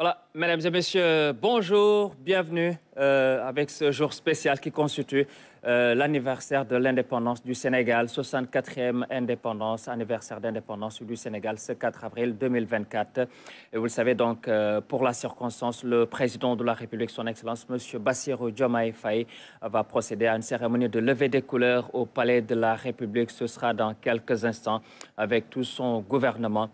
Voilà, mesdames et messieurs, bonjour, bienvenue. Euh, avec ce jour spécial qui constitue euh, l'anniversaire de l'indépendance du Sénégal, 64e indépendance, anniversaire d'indépendance du Sénégal, ce 4 avril 2024. Et vous le savez donc, euh, pour la circonstance, le président de la République, son Excellence, M. Bassirou Diomaye Faye, va procéder à une cérémonie de levée des couleurs au Palais de la République. Ce sera dans quelques instants avec tout son gouvernement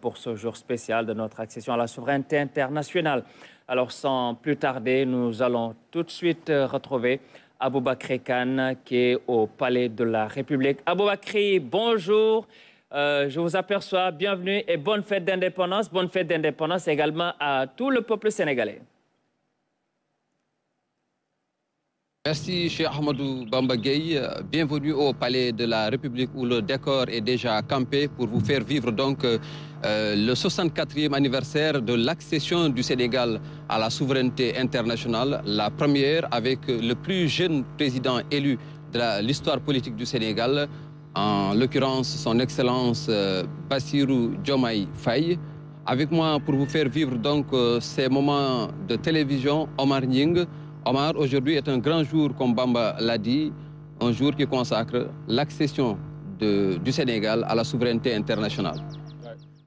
pour ce jour spécial de notre accession à la souveraineté internationale. Alors sans plus tarder, nous allons tout de suite euh, retrouver Aboubakri Khan qui est au Palais de la République. Aboubakri, bonjour. Euh, je vous aperçois, bienvenue et bonne fête d'indépendance. Bonne fête d'indépendance également à tout le peuple sénégalais. Merci, cher Ahmadou Bambagay. Bienvenue au Palais de la République où le décor est déjà campé pour vous faire vivre donc euh, le 64e anniversaire de l'accession du Sénégal à la souveraineté internationale, la première avec le plus jeune président élu de l'histoire politique du Sénégal, en l'occurrence son Excellence euh, Bassirou Diomaye Faye. Avec moi pour vous faire vivre donc euh, ces moments de télévision, Omar Nying, Omar, aujourd'hui, est un grand jour, comme Bamba l'a dit, un jour qui consacre l'accession du Sénégal à la souveraineté internationale.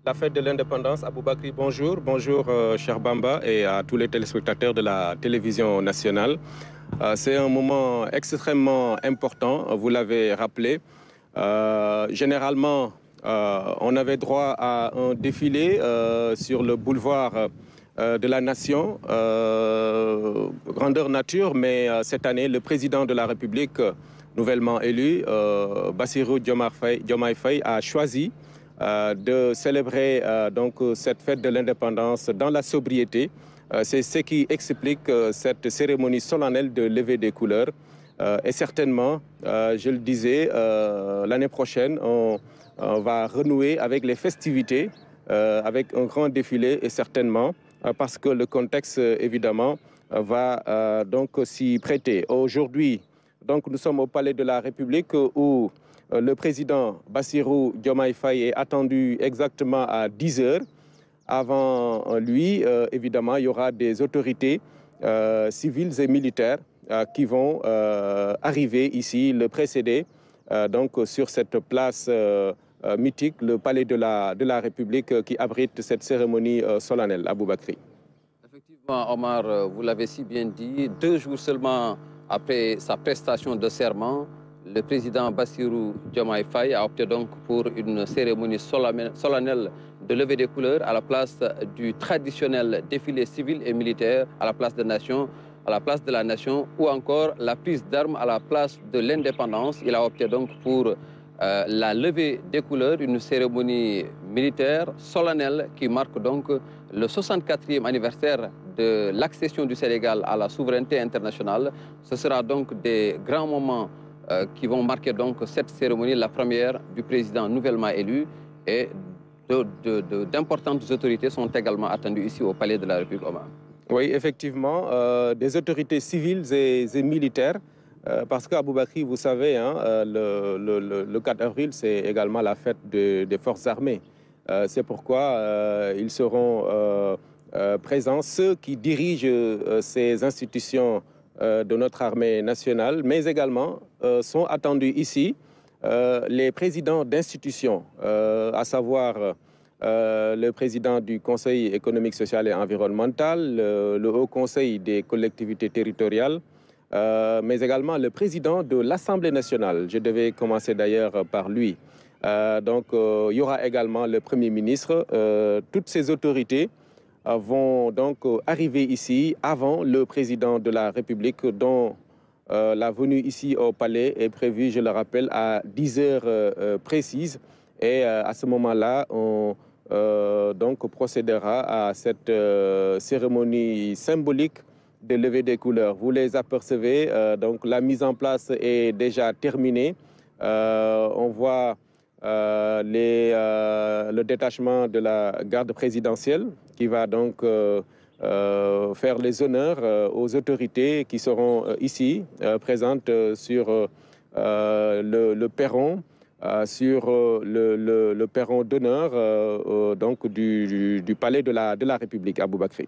La fête de l'indépendance, Aboubakri, bonjour. Bonjour, euh, cher Bamba, et à tous les téléspectateurs de la télévision nationale. Euh, c'est un moment extrêmement important, vous l'avez rappelé. Euh, généralement, on avait droit à un défilé sur le boulevard euh, de la nation, euh, grandeur nature, mais euh, cette année, le président de la République nouvellement élu, Bassirou Diomaye Faye, a choisi de célébrer donc, cette fête de l'indépendance dans la sobriété. C'est ce qui explique cette cérémonie solennelle de levée des couleurs. et certainement, je le disais, l'année prochaine, on, va renouer avec les festivités, avec un grand défilé et certainement euh, parce que le contexte, euh, évidemment, euh, va donc s'y prêter. Aujourd'hui, donc, nous sommes au Palais de la République où le président Bassirou Diomaye Faye est attendu exactement à 10 heures. Avant lui, évidemment, il y aura des autorités civiles et militaires qui vont arriver ici, le précéder, donc sur cette place euh, mythique, le palais de la, République euh, qui abrite cette cérémonie euh, solennelle à Effectivement, Omar, vous l'avez si bien dit, deux jours seulement après sa prestation de serment, le président Bassirou Diomaye Faye a opté donc pour une cérémonie solennelle de levée des couleurs à la place du traditionnel défilé civil et militaire à la place des nations à la place de la nation ou encore la prise d'armes à la place de l'indépendance. Il a opté donc pour euh, la levée des couleurs, une cérémonie militaire solennelle qui marque donc le 64e anniversaire de l'accession du Sénégal à la souveraineté internationale. Ce sera donc des grands moments euh, qui vont marquer donc cette cérémonie, la première du président nouvellement élu et d'importantes autorités sont également attendues ici au Palais de la République. Omar. Oui, effectivement, euh, des autorités civiles et militaires euh, parce qu'à qu'Aboubakri, vous savez, hein, euh, le, 4 avril, c'est également la fête des forces armées. Euh, c'est pourquoi ils seront présents, ceux qui dirigent ces institutions de notre armée nationale, mais également sont attendus ici les présidents d'institutions, à savoir le président du Conseil économique, social et environnemental, le Haut Conseil des collectivités territoriales, euh, mais également le président de l'Assemblée nationale. Je devais commencer d'ailleurs par lui. Euh, donc, euh, il y aura également le Premier ministre. toutes ces autorités vont donc arriver ici avant le président de la République, dont la venue ici au palais est prévue, je le rappelle, à 10 heures précises. Et à ce moment-là, on donc procédera à cette cérémonie symbolique de lever des couleurs. Vous les apercevez, euh, donc la mise en place est déjà terminée. Euh, on voit euh, le détachement de la garde présidentielle qui va donc faire les honneurs aux autorités qui seront ici présentes sur le, perron. sur le, perron d'honneur donc du, palais de la, de la République à Boubacri.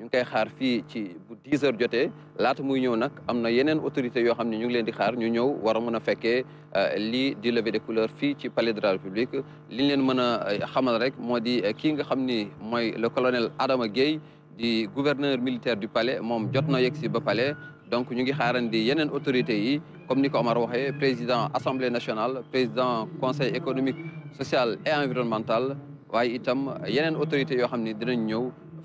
ñu ngi xaar fii ci bu 10 heures jotee laata muy ñëw nak am na yeneen autorités yoo xam ne ñu ngi leen di xaar ñu ñëw war a mën a fekkee euh, lii di lever de couleur fii ci palais de la république li ñu leen mën a euh, xamal rek moo di euh, kii nga xam ni mooy le colonel Adama Gueye di gouverneur militaire du palais moom jot na yegg si ba palais donc ñu ngi xaarandi yeneen autorité yi comme ni ko Omar waxee président assemblée nationale président conseil économique social et environnemental waaye itam yeneen autorité yoo xam ni dinañ ñëw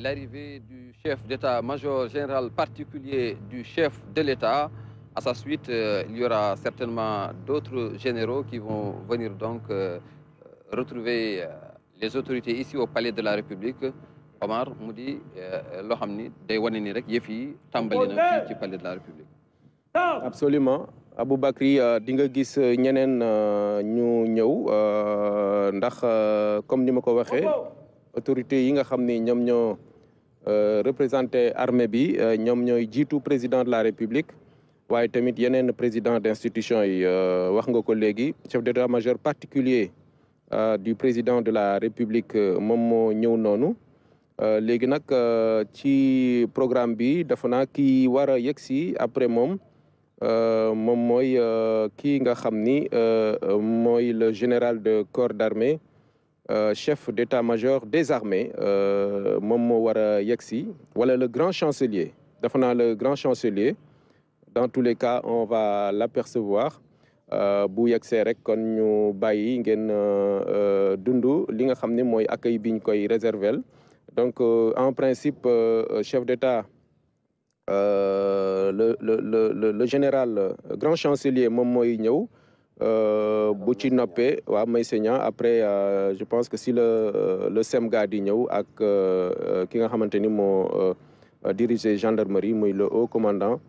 L'arrivée du chef d'état-major général particulier du chef de l'État, à sa suite, euh, il y aura certainement d'autres généraux qui vont venir donc euh, euh, retrouver les autorités ici au Palais de la République. Omar Moudi, Lohamni, loo Yefi, ni day Palais de la République. absolument Abou Bakri, nga gis ñeneen ñu comme nous ko autorités yi nga xam ni ñoom ñoo euh, représenté armée bi euh, ñoom ñooy jiitu président de la république waaye tamit yeneen président d' institution yi euh, wax nga ko léegi chef de état major particulier du président de la république moom moo ñëw noonu léegi nag ci programme bi dafa naa kii war a yegg si après moom moom mooy kii nga xam ni mooy le général de corps d' armée Euh, chef d'état-major des armées euh, Momo Wara war voilà le grand chancelier dafa le grand chancelier dans tous les cas on va l'apercevoir euh, bu yegsee rek kon ñu dundu ngeen dund li nga ko koy donc en principe chef d'état le le le le général grand chancelier Momo mooy euh, bu ci noppee waa may après euh, je pense que si le euh, le SEMGA di ñëw ak ki nga xamante ni moo diriger gendarmerie muy le haut commandant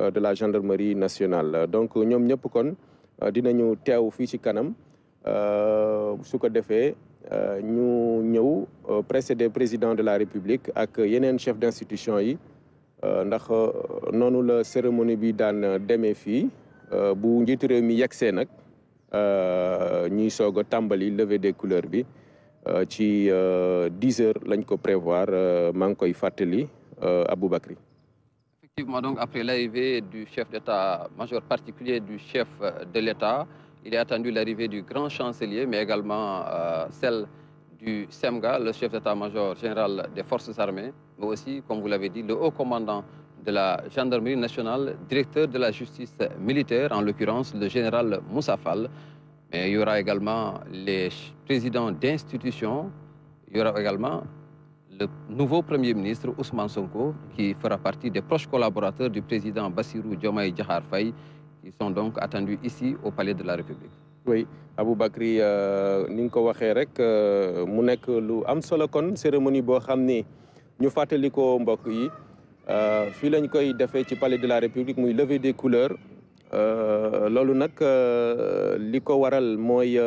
de la gendarmerie nationale donc ñoom ñëpp kon dinañu teew fii ci kanam su ko defee ñu ñëw précédé président de la république ak yeneen chef d'institution yi ndax noonu le cérémonie bi daan demee fii euh, bu euh, des couleurs bi euh, prévoir Effectivement, donc après l'arrivée du chef d'État-major particulier du chef de l'État, il est attendu l'arrivée du grand chancelier, mais également celle du SEMGA, le chef d'État-major général des forces armées, mais aussi, comme vous l'avez dit, le haut commandant de la gendarmerie nationale, directeur de la justice militaire, en l'occurrence le général Moussafal. Fall. Mais il y aura également les présidents d'institutions, il y aura également le nouveau Premier ministre Ousmane Sonko, qui fera partie des proches collaborateurs du président Bassirou Diomaye Djahar Faye, qui sont donc attendus ici au Palais de la République. Oui, cérémonie euh, fi lañ koy ci palais de la république muy levée des couleurs euh, loolu nag euh, li liko waral moy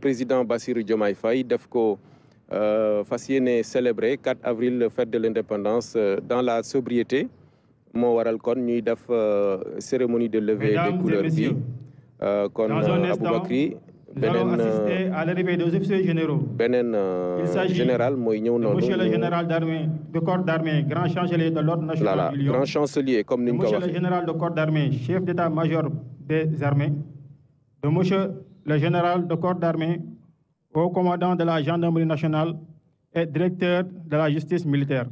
président bassir Diomaye Faye def ko euh yéene célébrer 4 avril fête de l'indépendance dans la sobriété mo waral kon ñuy def cérémonie de levée des couleurs bi kon nous euh, allons assister à l'arrivée des officiers généraux. Euh, Il s'agit de M. monsieur le euh, général d'armée de corps d'armée grand chancelier de l'ordre national du Lion. grand chancelier comme numéro. monsieur le général de corps d'armée chef d'état-major des armées. de monsieur le général de corps d'armée haut commandant de la gendarmerie nationale et directeur de la justice militaire.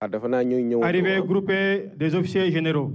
arrivé ah, arrivée groupée des officiers généraux.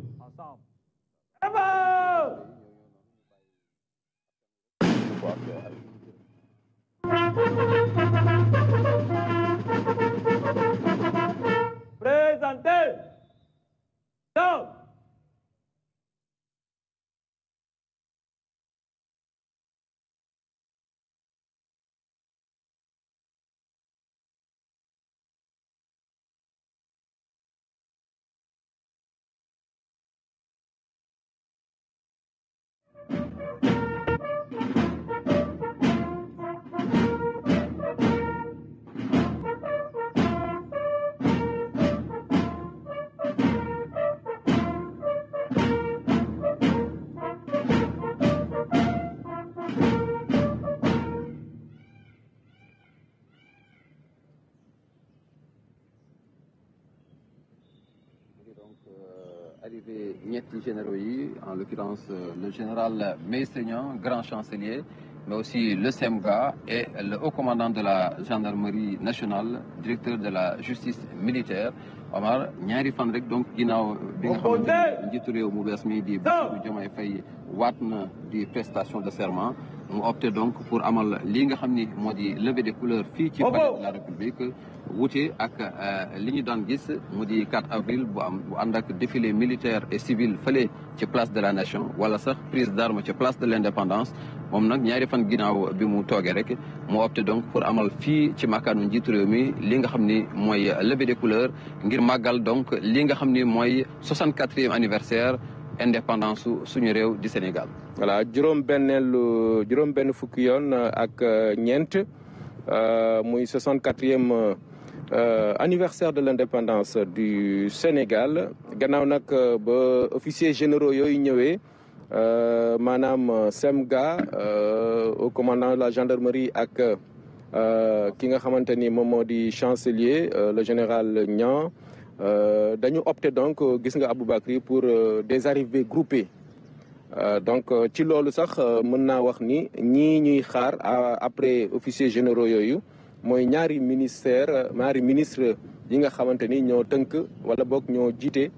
en l'occurrence euh, le général Meysseignan grand chancelier mais aussi le SEMGA et le haut commandant de la gendarmerie nationale directeur de la justice militaire Omar ñaari donc il de serment on opté donc pour amal li nga xamni modi des couleurs fi ci oh, de la république wute ak euh, li ñu daan gis 4 avril bu am bu défilé militaire et civil fallait ci place de la nation wala sax prise d'armes ci place de l'indépendance mom nak ñaari fan ginnaaw bi mu toogee rek mo opté donc pour amal fi ci makanu njiitu réew mi li nga xamni moy des couleurs ngir magal donc li nga xamni moy 64e anniversaire indépendance du suñu réew di Sénégal. voilà juroom benneelu juroom benn fukki yoon euh, ak euh, euh, muy 64e anniversaire de l'indépendance du Sénégal gannaaw nak ba officier généraux Mme manam Semga au commandant de la gendarmerie ak ki nga xamanteni chancelier le général Nyan. Euh, dañu opté donc euh, gis nga Aboubacry pour euh, des arrivées groupées donc ci loolu sax mën naa wax ni ñii ñuy xaar après officier général yooyu moy ñaari ministère ñaari ministre yi nga xamante ni ñoo wala bok ñoo jiite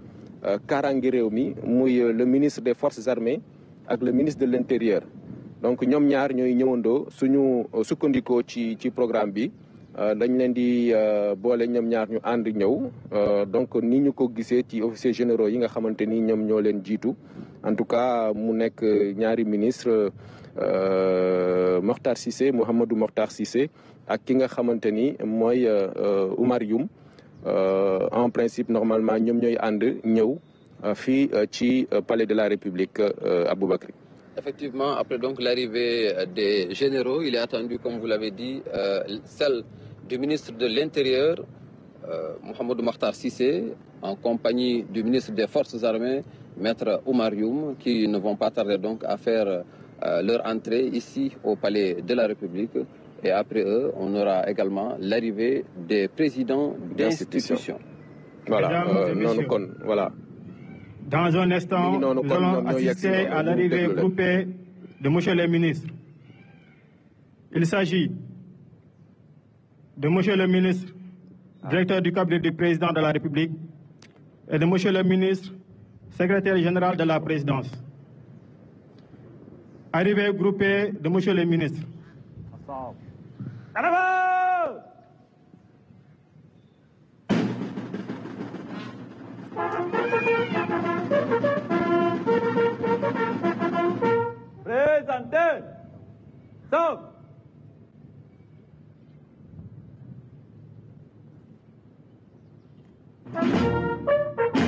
kaaraange réew mi le ministre des forces armées avec le ministre de l'intérieur donc ñoom ñaar ñooy ñëwandoo suñu sukkandikoo ci ci programme bi euh, dañ leen di euh, boole ñoom ñaar ñu ànd ñëw euh, donc ni ñu ko gisee ci officiers généraux yi nga xamante ni ñoom ñoo leen jiitu en tout cas mu nekk ñaari ministre Mokhtar Cissé Mouhamadou Mokhtar Cissé ak ki nga xamante ni mooy Oumar Youm en principe normalement ñoom ñooy ànd ñëw fii ci palais de la République Aboubacry Effectivement, après donc l'arrivée euh, des généraux, il est attendu, comme vous l'avez dit, euh, celle du ministre de l'Intérieur, euh, Mohamed Mokhtar Sissé, en compagnie du ministre des Forces armées, Maître Oumar Youm, qui ne vont pas tarder donc à faire leur entrée ici au Palais de la République. Et après eux, on aura également l'arrivée des présidents d'institutions. Voilà, voilà. Dans un instant, nous allons assister à l'arrivée groupée de M. le ministre. Il s'agit de M. le ministre, directeur du cabinet du président de la République, et de M. le ministre, secrétaire général de la présidence. Arrivée groupée de M. le ministre. Präsentin! Stop! Thank you.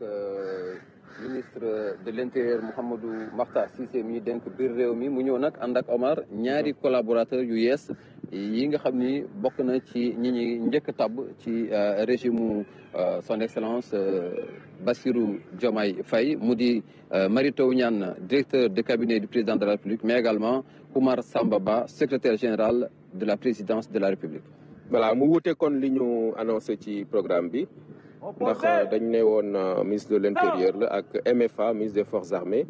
Euh, ministre de l'intérieur Mohamedou Martha Sisemi mi Birreomi, Mounionak Andak mu ñëw nak Omar ñaari collaborateur yu yes yi nga xamni na ci ñi ñi euh, régime euh, son excellence Bassirou Diomaye Faye Moudi di Mary directeur de cabinet du président de la République mais également Oumar Sambaba, secrétaire général de la présidence de la République voilà mu wuté kon li ñu programme nous euh, avons euh, ministre de l'Intérieur MFA ministre des forces armées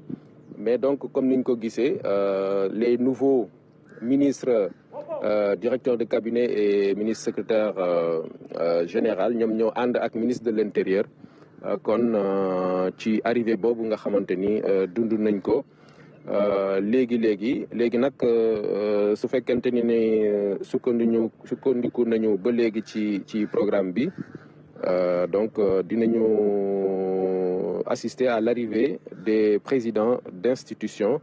mais donc comme nous euh, les nouveaux ministres directeurs de cabinet et ministre secrétaire général ñoom ñoo ànd ministre de l'intérieur, kon ci arrivé nga nañ ko su nañu ba ci ci programme bi euh, donc, euh, nous nous assister à l'arrivée des présidents d'institutions.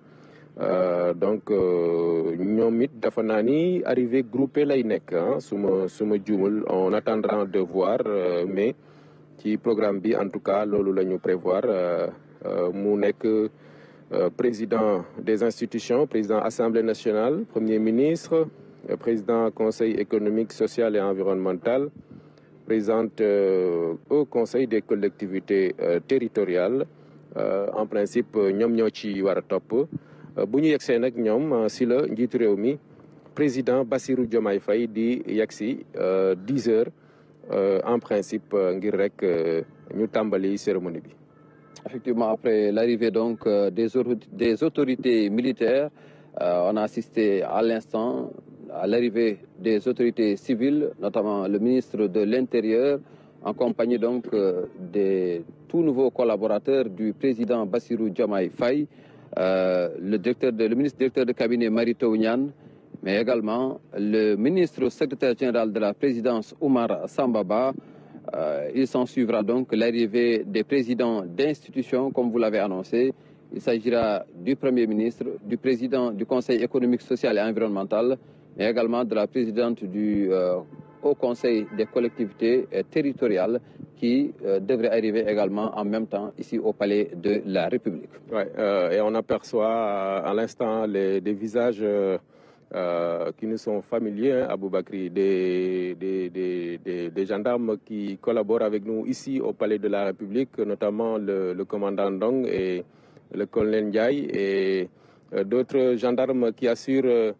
Euh, donc, nous Dafanani arrivé groupé l'AINEC. Hein, On attendra de voir, mais qui programme bi en tout cas, nous allons nous prévoir. Euh, président des institutions, président Assemblée nationale, Premier ministre, président Conseil économique, social et environnemental présente euh, au Conseil des collectivités euh, territoriales euh, en principe N'yom ñoo wara top. a topp nak ñom si le rewmi président Bassirou Diomaye Faye di yegg 10 heures en principe ngir rek ñu tambali cérémonie Effectivement, après l'arrivée donc des, autorités militaires, on a assisté à l'instant à l'arrivée des autorités civiles, notamment le ministre de l'Intérieur, en compagnie donc euh, des tout nouveaux collaborateurs du président Bassirou Diomaye Faye, euh, le, ministre directeur de cabinet Marito Ounyan, mais également le ministre secrétaire général de la présidence Oumar Sambaba. Euh, il s'en suivra donc l'arrivée des présidents d'institutions, comme vous l'avez annoncé. Il s'agira du Premier ministre, du président du Conseil économique, social et environnemental, et également de la présidente du euh, Haut Conseil des collectivités euh, territoriales qui euh, devrait arriver également en même temps ici au Palais de la République. Ouais, et on aperçoit à l'instant les, des visages qui nous sont familiers à hein, Boubakri, des, des, gendarmes qui collaborent avec nous ici au Palais de la République, notamment le, commandant Dong et le colonel Ndiaye et d'autres gendarmes qui assurent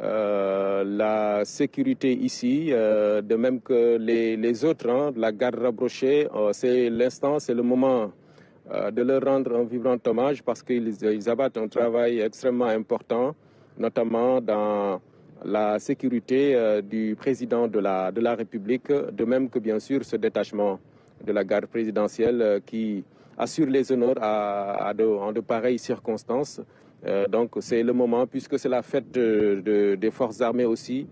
euh, la sécurité ici, euh, de même que les, autres, hein, la garde rapprochée, euh, c'est l'instant, c'est le moment de leur rendre un vibrant hommage parce qu'ils abattent un travail extrêmement important, notamment dans la sécurité du président de la, de la République, de même que bien sûr ce détachement de la garde présidentielle qui assure les honneurs à, en de pareilles circonstances. Euh, donc c'est le moment, puisque c'est la fête de, des forces armées aussi.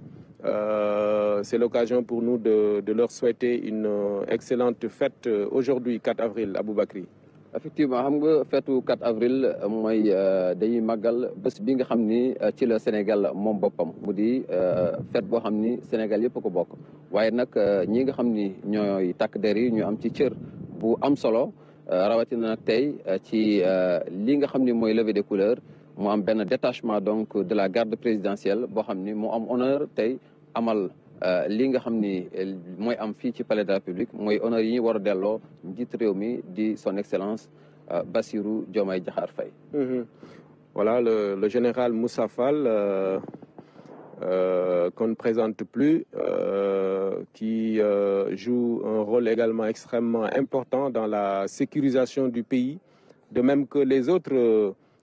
Euh, c'est l'occasion pour nous de, de, leur souhaiter une euh, excellente fête euh, aujourd'hui, 4 avril, à Boubakri. effectivement xam nga du 4 avril moi dañuy magal, bés bi nga xam ci la Sénégal moom boppam mu di feet boo xam Sénégal yëpp ko C'est la nak ñi nga xam ni ñooy takk der C'est ñu am ci cër bu am solo rawatina nag tey ci li nga xam ni levée des couleurs mu am un détachement donc de la garde présidentielle bo xamni mo am honneur tay amal euh, li nga xamni euh, moy am ci palais de la République moy honneur yi ñu war a dit di son excellence euh, Bassirou Diomaye Diakhar Faye mm-hmm. voilà le, le général Moussa Fall euh, euh, qu'on ne présente plus euh, qui joue un rôle également extrêmement important dans la sécurisation du pays de même que les autres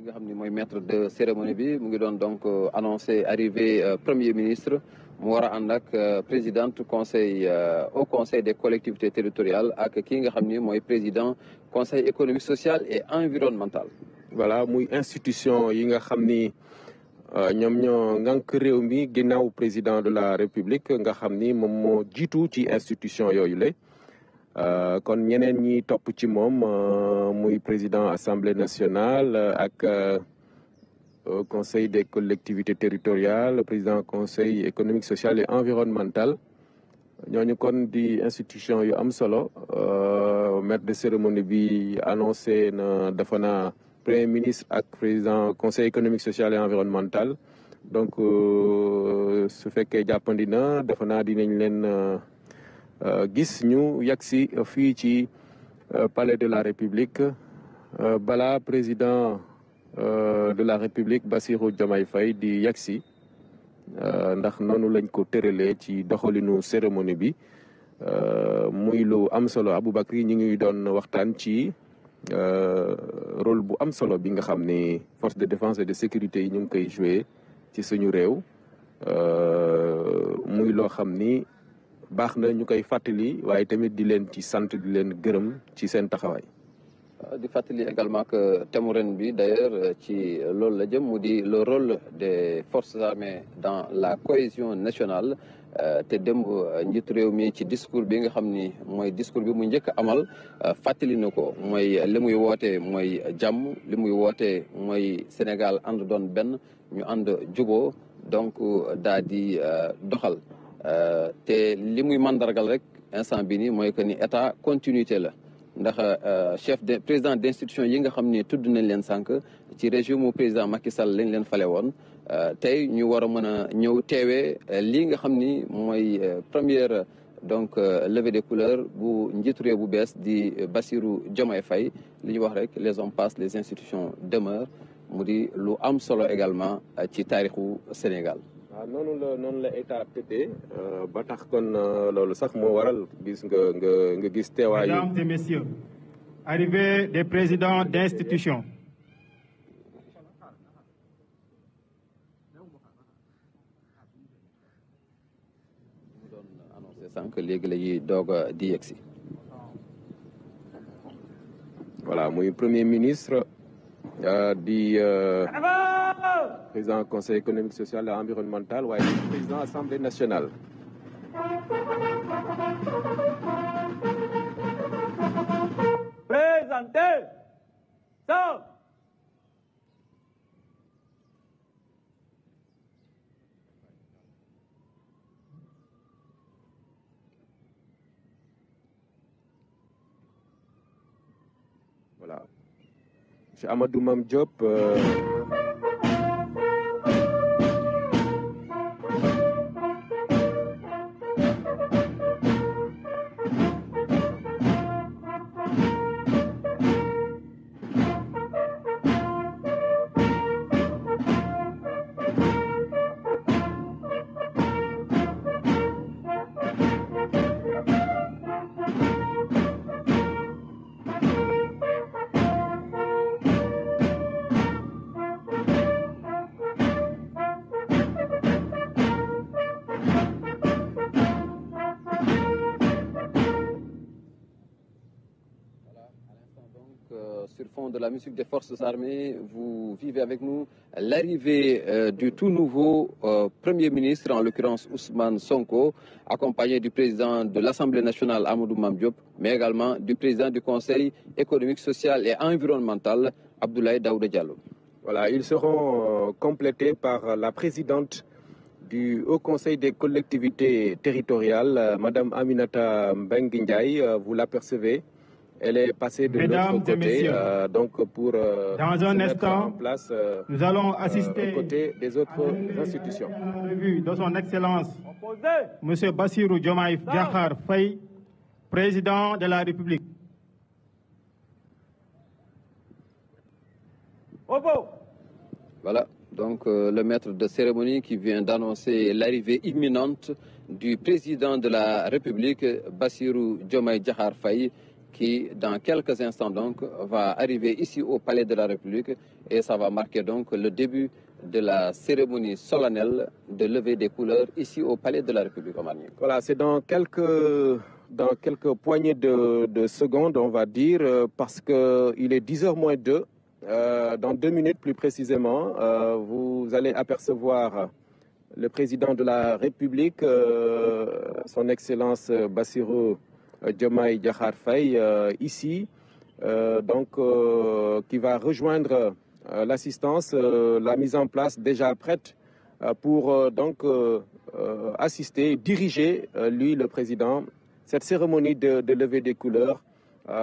Je nga xam maître de cérémonie bi vais ngi doon donc euh, annoncé euh, premier ministre mu war a ànd euh, conseil au conseil des collectivités territoriales ak ki nga xam ni président conseil économique social et environnemental. voilà muy institution yi nga xam ni ñoom ñoo président de la république nga xam ni moom moo jiitu ci institution yooyu euh, kon ñeneen ñi topp ci moom euh, muy président assemblée nationale ak euh, conseil des collectivités territoriales président conseil économique social et environnemental ñooñu kon di institution yu am solo maître de cérémonie bi annoncé na premier ministre ak président conseil économique social et environnemental donc su fekkee jàppandi na dafa naa leen euh, gis ñu yegg euh, euh, palais de la république le président de la république Bassirou Diomaye di yaksi. si ndax nonu lañ ko ci doxalinu cérémonie bi muy lu am solo ñi ngi doon waxtan ci rôle bu am bi nga force de défense et de sécurité yi ñu koy jouer ci baxna ñukay fatali waye tamit di leen ci sante di leen gërëm ci seen taxaway euh, di fatali également que thème bi d'ailleurs euh, ci lool la jëm mu di le rôle des forces armées dans la cohésion nationale euh, té démb ñitt réew mi ci discours bi nga xamni moy discours bi mu ñëk amal fatali nako moy mooy li muy woote mooy jàmm li muy woote mooy Sénégal and doon ben ñu ànd juboo donc daa di doxal. Euh, té li muy mandargal rek instant bi ni moy que ni état continuité la ndax euh, chef de président d'institution yi nga xam ne nañ len sank ci régime président Macky Sall lañ len falé won euh, tey ñu wara mëna mën a ñëw nga xamni moy première donc levée des couleurs bu njiitu bu bees di Bassirou Diomaye Faye li ñu wax rek les hommes passent les institutions demeurent Mudi lu am solo également ci taarixu Sénégal waaw ah, noonu la noonu la état tëddee euh, ba tax kon euh, lolu sax mo waral gis nga nga nga gis teewaayu. mesdames et messieurs arrivée des présidents d'institutions sànq léegi la ñuy doog a di yegsi voilà muy premier ministre le euh, euh, président conseil économique social et environnemental ouais, président président l'Assemblée nationale présenté ci Amadou Mame Diop. Euh, de la musique des forces armées, vous vivez avec nous l'arrivée euh, du tout nouveau euh, Premier ministre, en l'occurrence Ousmane Sonko, accompagné du président de l'Assemblée nationale Amadou Mamdiop, mais également du président du Conseil économique, social et environnemental Abdoulaye Daouda Diallo. Voilà, ils seront euh, complétés par la présidente du Haut Conseil des collectivités territoriales, Madame Aminata Mbenguindjaï, vous l'apercevez. Elle est passée de l'autre côté, euh, donc pour euh, dans un instant, euh, nous allons assister aux côtés des autres institutions. revue son Excellence, M. Bassirou Diomaye Diakhar Faye, président de la République. Voilà, donc le maître de cérémonie qui vient d'annoncer l'arrivée imminente du président de la République, Bassirou Diomaye Djahar Faye, qui, dans quelques instants, donc, va arriver ici au Palais de la République et ça va marquer donc le début de la cérémonie solennelle de levée des couleurs ici au Palais de la République Voilà, c'est dans quelques, dans quelques poignées de, secondes, on va dire, euh, parce qu'il est 10h moins 2. Euh, dans deux minutes plus précisément, euh, vous allez apercevoir le président de la République, son Excellence Bassiro. Diomaye Djahar Fay euh, ici, euh, donc, euh, qui va rejoindre l'assistance, la mise en place déjà prête pour donc assister, diriger, lui le président, cette cérémonie de, levée des couleurs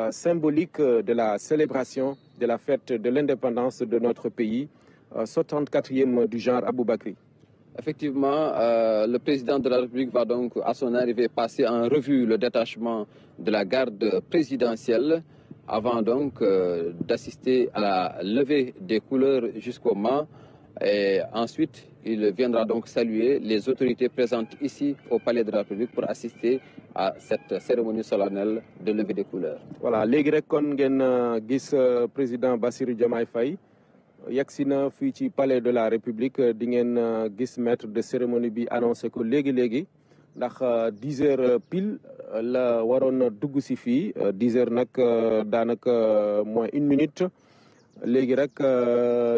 symbolique de la célébration de la fête de l'indépendance de notre pays, 74e du genre Aboubakri. Effectivement, euh, le président de la République va donc, à son arrivée, passer en revue le détachement de la garde présidentielle avant donc euh, d'assister à la levée des couleurs jusqu'au mât. Et ensuite, il viendra donc saluer les autorités présentes ici au Palais de la République pour assister à cette cérémonie solennelle de levée des couleurs. Voilà, les euh, Grecs, président Bassirou Jamaïfaï yaksina fi ci palais de la république di ngeen euh, gis maître de cérémonie bi annoncé ko légui légui ndax euh, dix heures pile euh, la waron dugg ci fi dix heures nak danaka moins une minute légui rek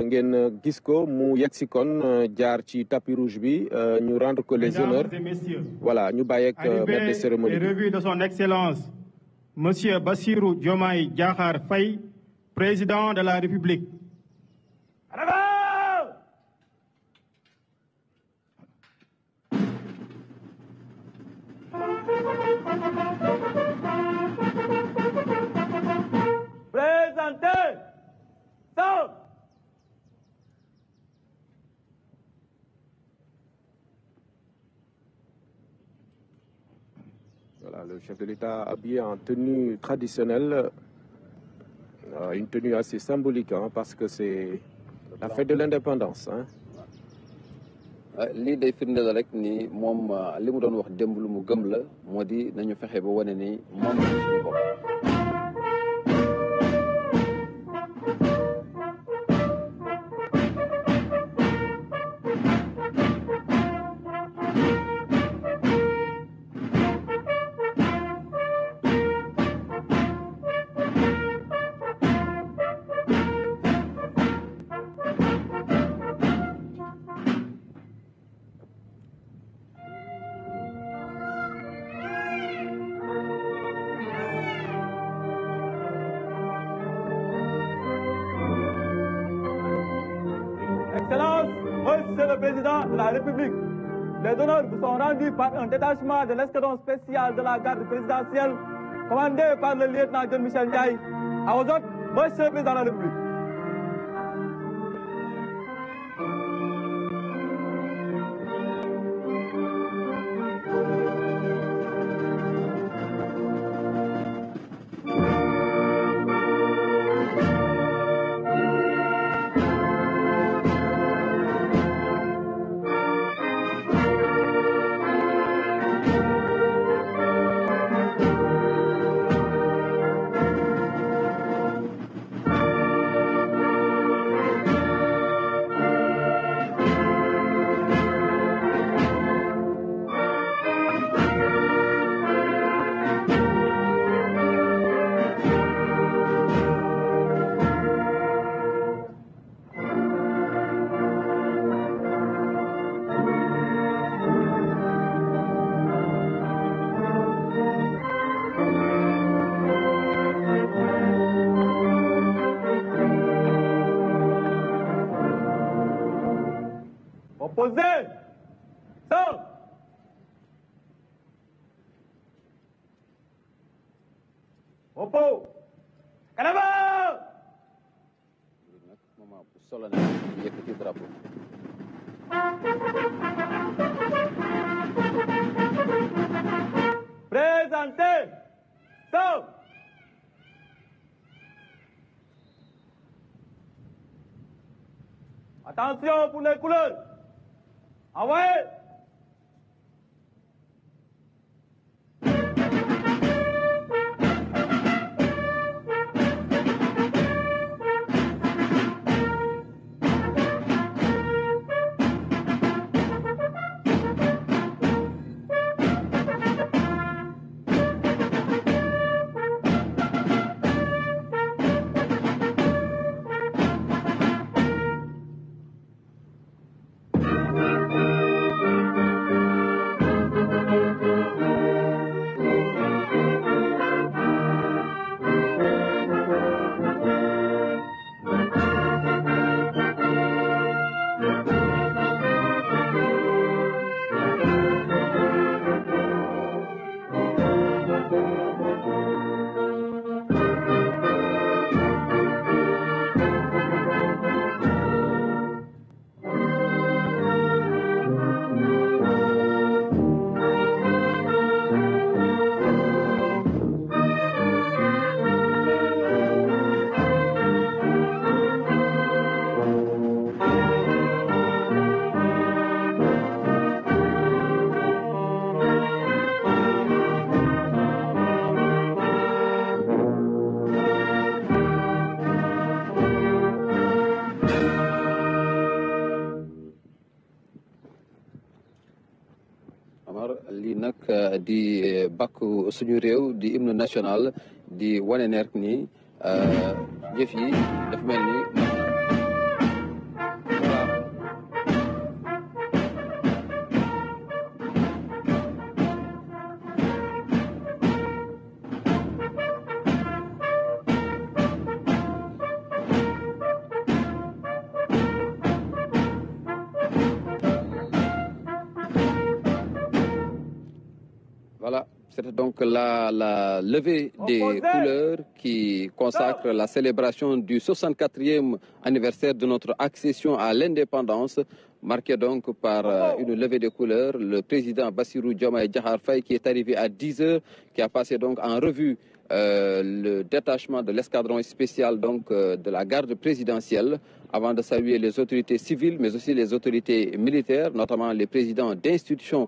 ngeen gis ko mu yaksi kon jaar ci tapis rouge bi ñu rendre ko les honneurs voilà ñu ak maître de cérémonie et revue de son excellence monsieur Bassirou Diomaye Diakhar Faye président de la république chef de l'État habillé en tenue traditionnelle, euh, une tenue assez symbolique, hein, parce que c'est la fête de l'indépendance. Hein. Euh, lii day firndel rek ni mom euh, li mu wax démb lu mu gëm la modi nañu fexé ba wane ni mom la le Président de la République, les honneurs vous sont rendus par un détachement de l'escadron spécial de la garde présidentielle, commandé par le lieutenant de Michel Ndiaye. À vos autres, monsieur le Président de la République. Attention pour les couleurs. Ah ouais bàkku suñu réew di hymne national di wane neer ni euh, jëf yi dafa mel ni donc la, levée des couleurs qui consacre la célébration du 64e anniversaire de notre accession à l'indépendance marquée donc par euh, une levée des couleurs. Le président Bassirou Diomaye Djahar qui est arrivé à 10 h qui a passé donc en revue euh, le détachement de l'escadron spécial donc euh, de la garde présidentielle avant de saluer les autorités civiles mais aussi les autorités militaires, notamment les présidents d'institutions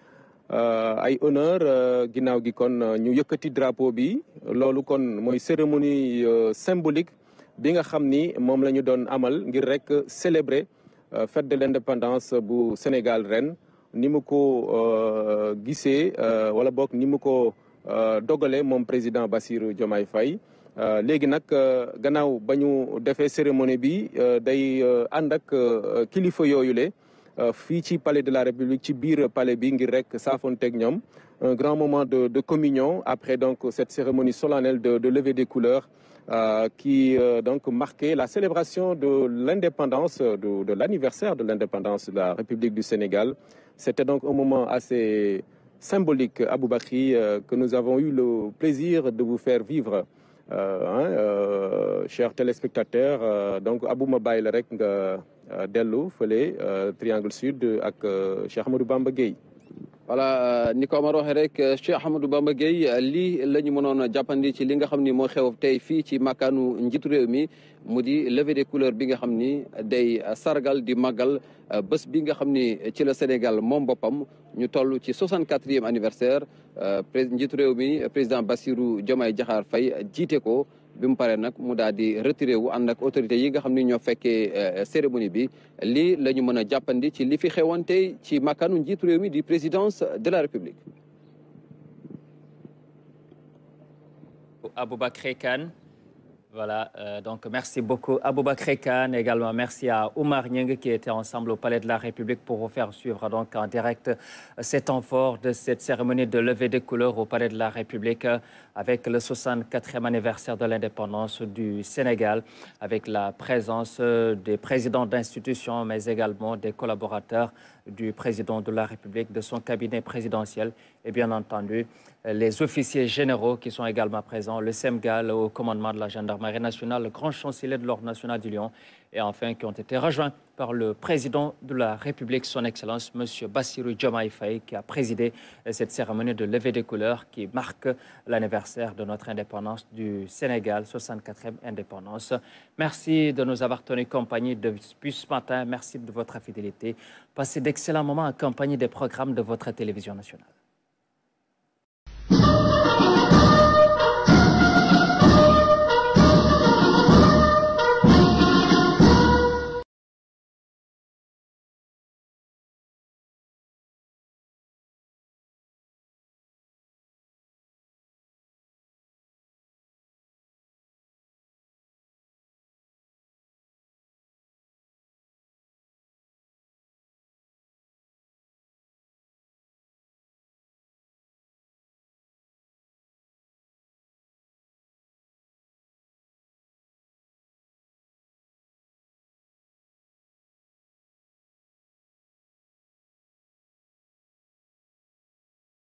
Euh, ay honneur euh, ginnaaw gi kon euh, ñu yëkkati drapeau bi loolu kon mooy cérémonie symbolique bi nga xam ni moom la ñu doon amal ngir rek célébrer fête de l'indépendance bu Sénégal ren ni mu ko gisee wala boog ni mu ko dogalee moom président Bassirou Diomaye Faye léegi nag gannaaw ba ñu defee cérémonie bi day ànd ak kilifa yooyu le Euh, Fichi palais de la république Chibir palais Bingirek, ngir un grand moment de communion après donc cette cérémonie solennelle de levée des couleurs euh, qui euh, donc marquait la célébration de l'indépendance de l'anniversaire de l'indépendance de la république du Sénégal c'était donc un moment assez symbolique Bakri, que nous avons eu le plaisir de vous faire vivre hein, chers téléspectateurs donc Abou ma Euh, dellu fële euh, triangle sud ak euh, Cheikh Amadou Bamba Gueye voilà ni ko Omar waxee rek Cheikh Amadou Bamba Gueye lii la ñu mënoon jàppandi ci li nga xam ni moo xew tey fii ci màkkaanu njitu réew mi mu di levée des couleurs bi nga xam ni day sargal di màggal bés bi nga xam ni ci la Sénégal moom boppam ñu toll ci 64e anniversaire prés njiitu réew mi président Bassirou Diomaye Diakhar fay jiite ko. bi mu paree nag mu daal retiré wu ànd ak autorité yi nga xamni ni ñoo fekkee euh, cérémonie bi li lañu mëna jappandi a ci li fi xewante ci makkaanu njiitu mi di présidence de la république. Aboubacry Kane. Voilà, euh, donc merci beaucoup Aboubacry Kane, également merci à Oumar Nying qui était ensemble au Palais de la République pour vous faire suivre donc en direct euh, cet enfort de cette cérémonie de levée des couleurs au Palais de la République avec le 64e anniversaire de l'indépendance du Sénégal, avec la présence euh, des présidents d'institutions, mais également des collaborateurs du président de la République, de son cabinet présidentiel et bien entendu euh, les officiers généraux qui sont également présents, le SEMGAL au commandement de la gendarmerie nationale, le grand chancelier de l'Ordre national du Lyon et enfin qui ont été rejoints par le président de la République, son Excellence, M. Bassirou Diomaye Faye, qui a présidé euh, cette cérémonie de levée des couleurs qui marque l'anniversaire de notre indépendance du Sénégal, 64e indépendance. Merci de nous avoir tenu compagnie depuis ce matin. Merci de votre fidélité. Passez d'excellents moments en compagnie des programmes de votre télévision nationale.